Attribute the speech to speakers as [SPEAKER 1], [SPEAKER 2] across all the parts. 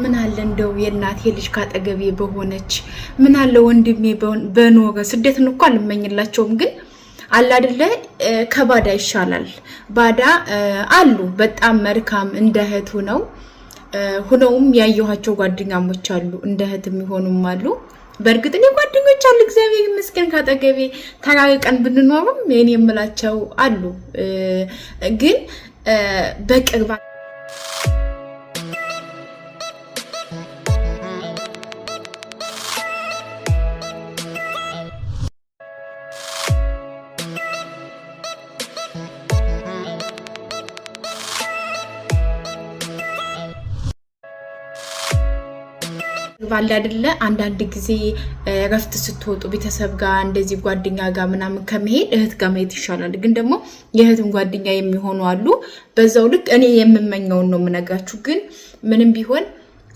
[SPEAKER 1] ምን አለ እንደው የእናቴ ልጅ ካጠገቤ በሆነች፣ ምን አለ ወንድሜ በኖረ። ስደትን እኮ አልመኝላቸውም፣ ግን አለ አይደለ ከባዳ ይሻላል። ባዳ አሉ በጣም መልካም እንደ እህት ሁነው ሁነውም ያየኋቸው ጓደኛሞች አሉ፣ እንደ እህት የሚሆኑም አሉ። በእርግጥ እኔ ጓደኞች አሉ፣ እግዚአብሔር ይመስገን ካጠገቤ ተራርቀን ብንኖርም የኔ የምላቸው አሉ፣ ግን በቅርባ ባለ አይደለ አንዳንድ ጊዜ እረፍት ስትወጡ ቤተሰብ ጋር እንደዚህ ጓደኛ ጋር ምናምን ከመሄድ እህት ጋር መሄድ ይሻላል። ግን ደግሞ የእህትም ጓደኛ የሚሆኑ አሉ። በዛው ልክ እኔ የምመኘውን ነው የምነግራችሁ። ግን ምንም ቢሆን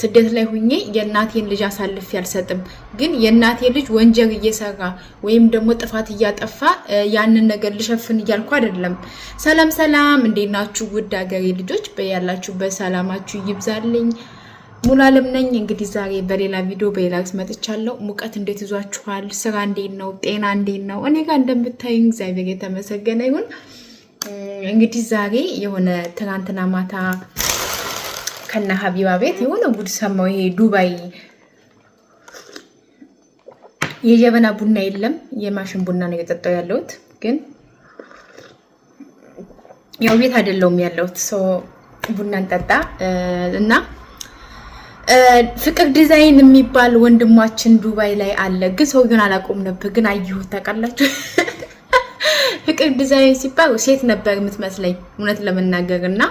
[SPEAKER 1] ስደት ላይ ሁኜ የእናቴን ልጅ አሳልፌ አልሰጥም። ግን የእናቴ ልጅ ወንጀል እየሰራ ወይም ደግሞ ጥፋት እያጠፋ ያንን ነገር ልሸፍን እያልኩ አይደለም። ሰላም ሰላም፣ እንዴት ናችሁ? ውድ ሀገሬ ልጆች በያላችሁበት ሰላማችሁ ይብዛልኝ። ሙሉ አለም ነኝ። እንግዲህ ዛሬ በሌላ ቪዲዮ በሌላ መጥቻለሁ። ሙቀት እንዴት ይዟችኋል? ስራ እንዴት ነው? ጤና እንዴት ነው? እኔ ጋር እንደምታዩ እግዚአብሔር የተመሰገነ ይሁን። እንግዲህ ዛሬ የሆነ ትናንትና ማታ ከነ ሀቢባ ቤት የሆነ ጉድ ሰማሁ። ይሄ ዱባይ የጀበና ቡና የለም የማሽን ቡና ነው የጠጣው ያለሁት ግን ያው ቤት አይደለውም ያለሁት ቡናን ጠጣ እና ፍቅር ዲዛይን የሚባል ወንድማችን ዱባይ ላይ አለ። ግን ሰውዬውን አላቆም ነበር፣ ግን አየሁት። ታውቃላችሁ ፍቅር ዲዛይን ሲባል ሴት ነበር የምትመስለኝ እውነት ለመናገር እና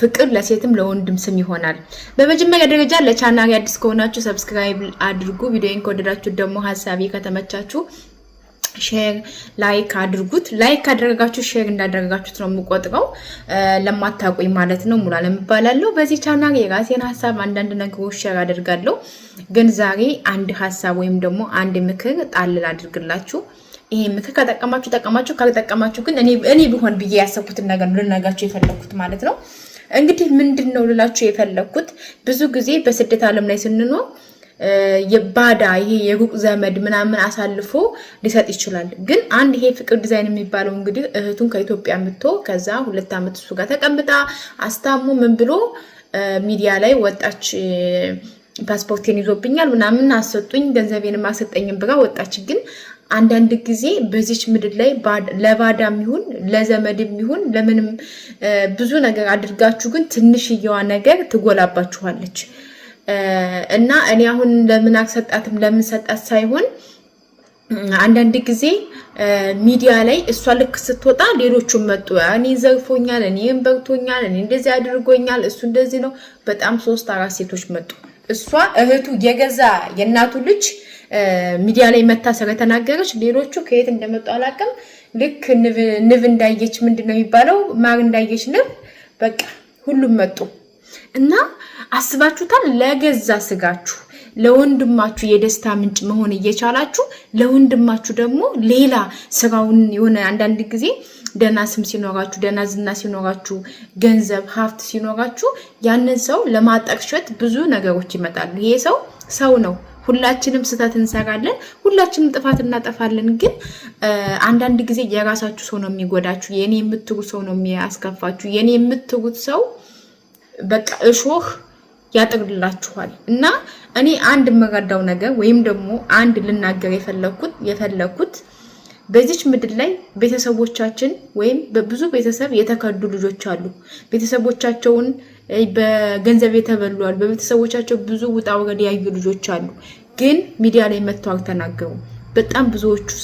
[SPEAKER 1] ፍቅር ለሴትም ለወንድም ስም ይሆናል። በመጀመሪያ ደረጃ ለቻናሪ አዲስ ከሆናችሁ ሰብስክራይብ አድርጉ። ቪዲዮን ከወደዳችሁ ደግሞ ሀሳቢ ከተመቻችሁ ሼር ላይክ አድርጉት። ላይክ ካደረጋችሁ ሼር እንዳደረጋችሁት ነው የምቆጥረው። ለማታቆኝ ማለት ነው ሙሉዓለም እባላለሁ። በዚህ ቻናል የራሴን ሀሳብ አንዳንድ ነገሮች ሼር አድርጋለሁ። ግን ዛሬ አንድ ሀሳብ ወይም ደግሞ አንድ ምክር ጣልል አድርግላችሁ። ይሄ ምክር ከጠቀማችሁ ጠቀማችሁ፣ ካልጠቀማችሁ ግን እኔ ቢሆን ብዬ ያሰብኩትን ነገር ነው ልነጋችሁ የፈለግኩት ማለት ነው። እንግዲህ ምንድን ነው ልላችሁ የፈለግኩት ብዙ ጊዜ በስደት ዓለም ላይ ስንኖር የባዳ ይሄ የሩቅ ዘመድ ምናምን አሳልፎ ሊሰጥ ይችላል። ግን አንድ ይሄ ፍቅር ዲዛይን የሚባለው እንግዲህ እህቱን ከኢትዮጵያ ምቶ ከዛ ሁለት ዓመት እሱ ጋር ተቀምጣ አስታሙ ምን ብሎ ሚዲያ ላይ ወጣች። ፓስፖርቴን ይዞብኛል ምናምን አሰጡኝ፣ ገንዘቤንም አሰጠኝም ብራ ወጣች። ግን አንዳንድ ጊዜ በዚች ምድር ላይ ለባዳም ይሁን ለዘመድም ይሁን ለምንም ብዙ ነገር አድርጋችሁ ግን ትንሽየዋ ነገር ትጎላባችኋለች። እና እኔ አሁን ለምን አልሰጣትም ለምን ሰጣት ሳይሆን አንዳንድ ጊዜ ሚዲያ ላይ እሷ ልክ ስትወጣ ሌሎቹም መጡ። እኔ ዘግፎኛል፣ እኔም በግቶኛል፣ እኔ እንደዚህ አድርጎኛል፣ እሱ እንደዚህ ነው። በጣም ሶስት አራት ሴቶች መጡ። እሷ እህቱ የገዛ የእናቱ ልጅ ሚዲያ ላይ መታ ስለተናገረች ሌሎቹ ከየት እንደመጡ አላውቅም። ልክ ንብ እንዳየች ምንድን ነው የሚባለው ማር እንዳየች ንብ በቃ ሁሉም መጡ። እና አስባችሁታል? ለገዛ ስጋችሁ ለወንድማችሁ የደስታ ምንጭ መሆን እየቻላችሁ ለወንድማችሁ ደግሞ ሌላ ስጋውን የሆነ አንዳንድ ጊዜ ደህና ስም ሲኖራችሁ፣ ደህና ዝና ሲኖራችሁ፣ ገንዘብ ሀብት ሲኖራችሁ ያንን ሰው ለማጠቅሸት ብዙ ነገሮች ይመጣሉ። ይሄ ሰው ሰው ነው። ሁላችንም ስህተት እንሰራለን። ሁላችንም ጥፋት እናጠፋለን። ግን አንዳንድ ጊዜ የራሳችሁ ሰው ነው የሚጎዳችሁ። የኔ የምትሩት ሰው ነው የሚያስከፋችሁ። የኔ የምትሩት ሰው በቃ እሾህ ያጠግልላችኋል። እና እኔ አንድ የምረዳው ነገር ወይም ደግሞ አንድ ልናገር የፈለኩት የፈለኩት በዚች ምድር ላይ ቤተሰቦቻችን ወይም በብዙ ቤተሰብ የተከዱ ልጆች አሉ። ቤተሰቦቻቸውን በገንዘብ የተበሉ አሉ። በቤተሰቦቻቸው ብዙ ውጣ ውረድ ያዩ ልጆች አሉ። ግን ሚዲያ ላይ መጥተው አልተናገሩም። በጣም ውስጥ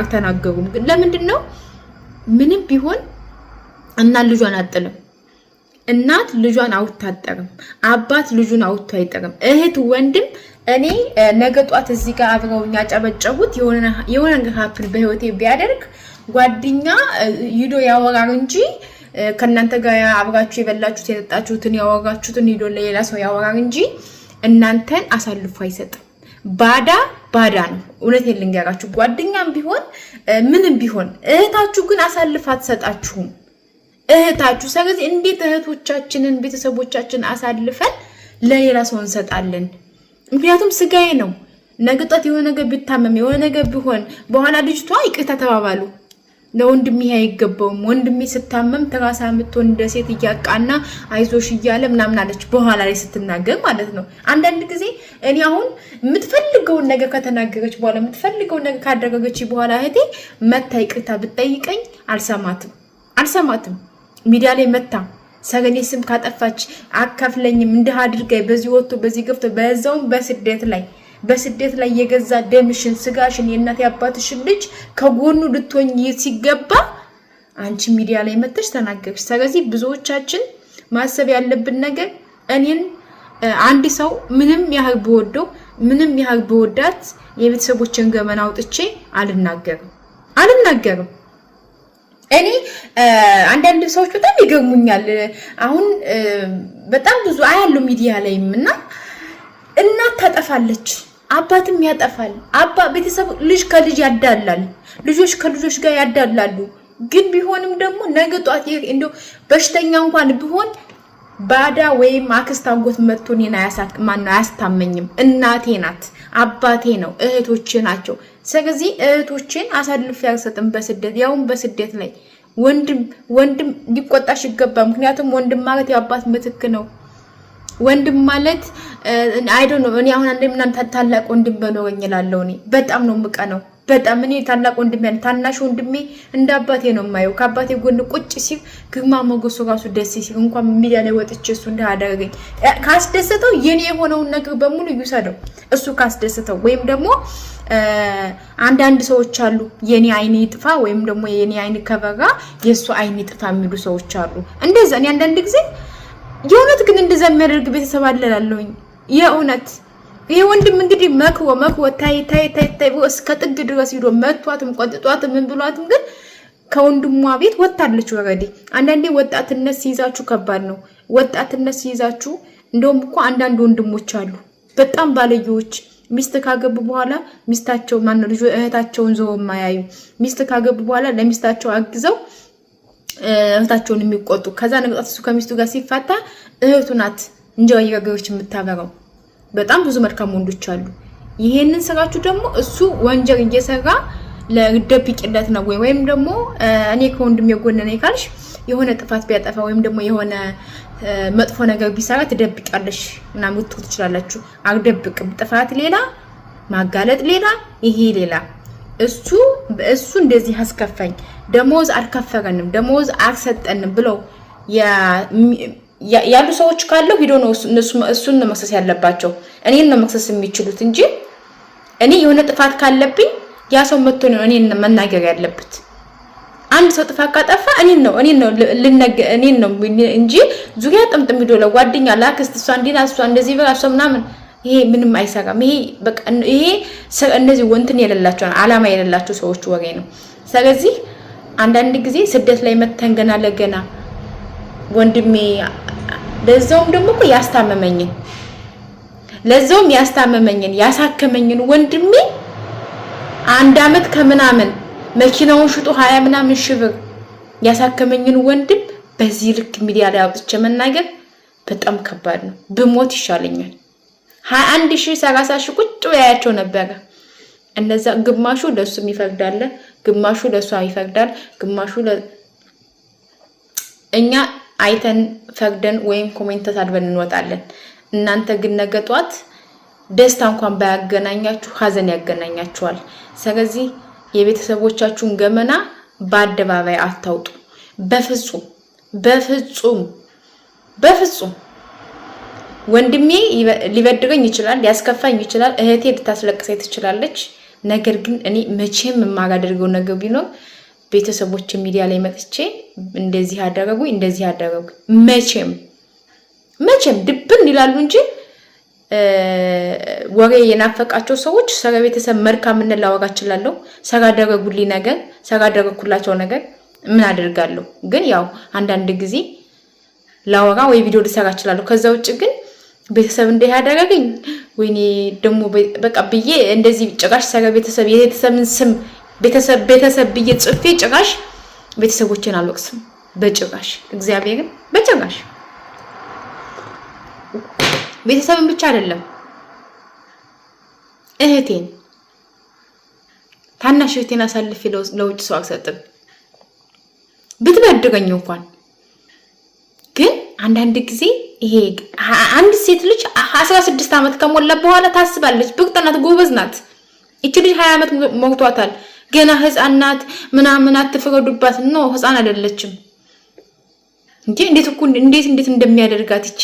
[SPEAKER 1] አልተናገሩም። ግን ለምንድን ነው? ምንም ቢሆን እና ልጇን አጥልም እናት ልጇን አውታጠርም፣ አባት ልጁን አውቶ አይጠርም። እህት ወንድም እኔ ነገ ጧት እዚህ ጋር አብረው ያጨበጨቡት የሆነ ነገር ሀፕን በህይወቴ ቢያደርግ ጓደኛ ሂዶ ያወራር እንጂ ከእናንተ ጋር አብራችሁ የበላችሁት የጠጣችሁትን ያወራችሁትን ሂዶ ለሌላ ሰው ያወራር እንጂ እናንተን አሳልፎ አይሰጥም። ባዳ ባዳ ነው። እውነት የልንገራችሁ ጓደኛም ቢሆን ምንም ቢሆን እህታችሁ ግን አሳልፍ አትሰጣችሁም። እህታችሁ። ስለዚህ እንዴት እህቶቻችንን ቤተሰቦቻችን አሳልፈን ለሌላ ሰው እንሰጣለን? ምክንያቱም ስጋዬ ነው። ነግጠት የሆነ ነገር ቢታመም የሆነ ነገር ቢሆን በኋላ ልጅቷ ይቅርታ ተባባሉ። ለወንድሜ አይገባውም፣ ወንድሜ ስታመም ትራሳ የምትሆን እንደ ሴት እያቃና አይዞሽ እያለ ምናምን አለች። በኋላ ላይ ስትናገር ማለት ነው። አንዳንድ ጊዜ እኔ አሁን የምትፈልገውን ነገር ከተናገረች በኋላ የምትፈልገውን ነገር ካደረገች በኋላ እህቴ መታ ይቅርታ ብጠይቀኝ አልሰማትም አልሰማትም ሚዲያ ላይ መታ ሰገኔ ስም ካጠፋች አካፍለኝም እንዲህ አድርጋይ በዚህ ወጥቶ በዚህ ገብቶ በዛውም በስደት ላይ በስደት ላይ የገዛ ደምሽን ስጋሽን የእናት ያባትሽን ልጅ ከጎኑ ልትሆኝ ሲገባ አንቺ ሚዲያ ላይ መጥተሽ ተናገርሽ። ስለዚህ ብዙዎቻችን ማሰብ ያለብን ነገር እኔን አንድ ሰው ምንም ያህል ብወደው ምንም ያህል ብወዳት የቤተሰቦችን ገመና አውጥቼ አልናገርም አልናገርም። እኔ አንዳንድ ሰዎች በጣም ይገርሙኛል። አሁን በጣም ብዙ አያለው ሚዲያ ላይም እና እናት ታጠፋለች፣ አባትም ያጠፋል። አባ ቤተሰብ ልጅ ከልጅ ያዳላል፣ ልጆች ከልጆች ጋር ያዳላሉ። ግን ቢሆንም ደግሞ ነገ ጧት እንደው በሽተኛ እንኳን ቢሆን ባዳ ወይም አክስት አጎት መጥቶ እኔን ማነው አያስታመኝም። እናቴ ናት፣ አባቴ ነው፣ እህቶች ናቸው። ስለዚህ እህቶችን አሳልፌ አልሰጥም በስደት ያውም በስደት ላይ ወንድም ወንድም ሊቆጣሽ ይገባ። ምክንያቱም ወንድም ማለት የአባት ምትክ ነው። ወንድም ማለት አይዶ ነው። እኔ አሁን አንድ ምናምን ታላቅ ወንድም በኖረኝ እላለሁ። እኔ በጣም ነው ምቀ ነው በጣም እኔ ታላቅ ወንድሜ ታናሽ ወንድሜ እንደ አባቴ ነው የማየው። ከአባቴ ጎን ቁጭ ሲል ግማ መጎሶ ራሱ ደስ ሲል እንኳን ሚዲያ ላይ ወጥቼ እሱ እንዳደረገኝ ካስደሰተው የኔ የሆነውን ነገር በሙሉ ይውሰደው እሱ ካስደሰተው። ወይም ደግሞ አንዳንድ ሰዎች አሉ የኔ አይን ይጥፋ ወይም ደግሞ የኔ አይን ከበራ የእሱ አይን ይጥፋ የሚሉ ሰዎች አሉ። እንደዛ እኔ አንዳንድ ጊዜ የእውነት ግን እንደዛ የሚያደርግ ቤተሰብ አለላለሁኝ የእውነት ይሄ ወንድም እንግዲህ መክቦ መክቦ ታይ ታይ ታይ ታይ እስከ ጥግ ድረስ ሂዶ መቷትም ቆጥጧትም ምን ብሏትም ግን ከወንድሟ ቤት ወጣለች። ወረዴ አንዳንዴ ወጣትነት ሲይዛችሁ ከባድ ነው። ወጣትነት ሲይዛችሁ እንደውም እኮ አንዳንድ ወንድሞች አሉ በጣም ባለየዎች ሚስት ካገቡ በኋላ ሚስታቸው ማነው ልጅ እህታቸውን ዘው የማያዩ ሚስት ካገቡ በኋላ ለሚስታቸው አግዘው እህታቸውን የሚቆጡ ከዛ ነቅጣት እሱ ከሚስቱ ጋር ሲፋታ እህቱ ናት እንጀራ የጋገረች የምታበረው በጣም ብዙ መልካም ወንዶች አሉ። ይሄንን ስራችሁ ደግሞ እሱ ወንጀል እየሰራ ለደብቂለት ነው ወይ ወይም ደግሞ እኔ ከወንድም የጎነነ ካልሽ የሆነ ጥፋት ቢያጠፋ ወይም ደግሞ የሆነ መጥፎ ነገር ቢሰራ ትደብቃለሽ እና ምትቶ ትችላላችሁ። አልደብቅም። ጥፋት ሌላ፣ ማጋለጥ ሌላ፣ ይሄ ሌላ። እሱ እሱ እንደዚህ አስከፋኝ፣ ደሞዝ አልከፈረንም፣ ደሞዝ አልሰጠንም ብለው ያሉ ሰዎች ካለው ሂዶ ነው እሱን ነው መክሰስ ያለባቸው። እኔን ነው መክሰስ የሚችሉት እንጂ እኔ የሆነ ጥፋት ካለብኝ ያ ሰው መጥቶ ነው እኔን መናገር ያለበት። አንድ ሰው ጥፋት ካጠፋ እኔን ነው እኔን ነው ልነገ እኔን ነው እንጂ ዙሪያ ጥምጥም ሂዶ ለጓደኛ ላክስት እሷ እንዲና እሷ እንደዚህ ብላ እሷ ምናምን ይሄ ምንም አይሰራም። ይሄ በቃ ይሄ እነዚህ ወንትን የሌላቸው አላማ የሌላቸው ሰዎች ወሬ ነው። ስለዚህ አንዳንድ ጊዜ ስደት ላይ መተን ገና ለገና ወንድሜ ለዛውም ደግሞ እኮ ያስታመመኝን ለዛውም ያስታመመኝን ያሳከመኝን ወንድሜ አንድ አመት ከምናምን መኪናውን ሽጦ ሀያ ምናምን ሺህ ብር ያሳከመኝን ወንድም በዚህ ልክ ሚዲያ ላይ አውጥቼ መናገር በጣም ከባድ ነው። ብሞት ይሻለኛል። ሀያ አንድ ሺህ ሰላሳ ሺህ ቁጭ ያያቸው ነበረ። እነዛ ግማሹ ለሱም ይፈርዳል፣ ግማሹ ለሷ ይፈርዳል፣ ግማሹ እኛ አይተን ፈቅደን ወይም ኮሜንት ተሳድበን እንወጣለን። እናንተ ግን ነገ ጧት ደስታ እንኳን ባያገናኛችሁ ሀዘን ያገናኛችኋል። ስለዚህ የቤተሰቦቻችሁን ገመና በአደባባይ አታውጡ። በፍጹም በፍጹም በፍጹም። ወንድሜ ሊበድገኝ ይችላል፣ ሊያስከፋኝ ይችላል፣ እህቴ ልታስለቅሰኝ ትችላለች። ነገር ግን እኔ መቼም የማላደርገው ነገር ቢኖር ቤተሰቦች ሚዲያ ላይ መጥቼ እንደዚህ አደረጉ እንደዚህ አደረጉ መቼም መቼም ድብን ይላሉ እንጂ ወሬ የናፈቃቸው ሰዎች ስለ ቤተሰብ መልካምነት ላወራ እችላለሁ። ስላደረጉልኝ ነገር ስላደረግኩላቸው ነገር ምን አደርጋለሁ። ግን ያው አንዳንድ ጊዜ ላወራ ወይ ቪዲዮ ልሰራ እችላለሁ። ከዛ ውጭ ግን ቤተሰብ እንደ ያደረገኝ ወይኔ ደግሞ በቃ ብዬ እንደዚህ ጭራሽ ስለ ቤተሰብ የቤተሰብን ስም ቤተሰብ ቤተሰብ ብዬ ጽፌ ጭራሽ ቤተሰቦችን አልወቅስም በጭራሽ እግዚአብሔርን በጭራሽ ቤተሰብን ብቻ አይደለም እህቴን ታናሽ እህቴን አሳልፌ ለውጭ ሰው አልሰጥም። ብትበድረኝ እንኳን ግን አንዳንድ ጊዜ ይሄ አንድ ሴት ልጅ አስራ ስድስት ዓመት ከሞላ በኋላ ታስባለች። ብቅጥናት ጎበዝ ናት። ይቺ ልጅ ሀያ ዓመት ሞልቷታል። ገና ህፃን ናት ምናምን አትፈረዱባት። ነው ህፃን አይደለችም እንዴ! እንዴት እኮ እንዴት እንዴት እንደሚያደርጋት እቺ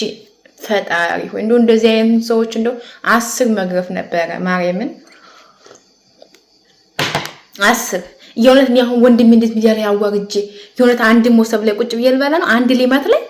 [SPEAKER 1] ፈጣሪ ሆይ እንደው እንደዚህ አይነት ሰዎች እንደው አስር መግረፍ ነበረ ማርያምን አስር የእውነት እኔ አሁን ወንድሜ እንደዚህ ሚዲያ ላይ አዋርጄ የእውነት አንድ ሞሰብ ላይ ቁጭ ብዬ ልበላ ነው አንድ ሌማት ላይ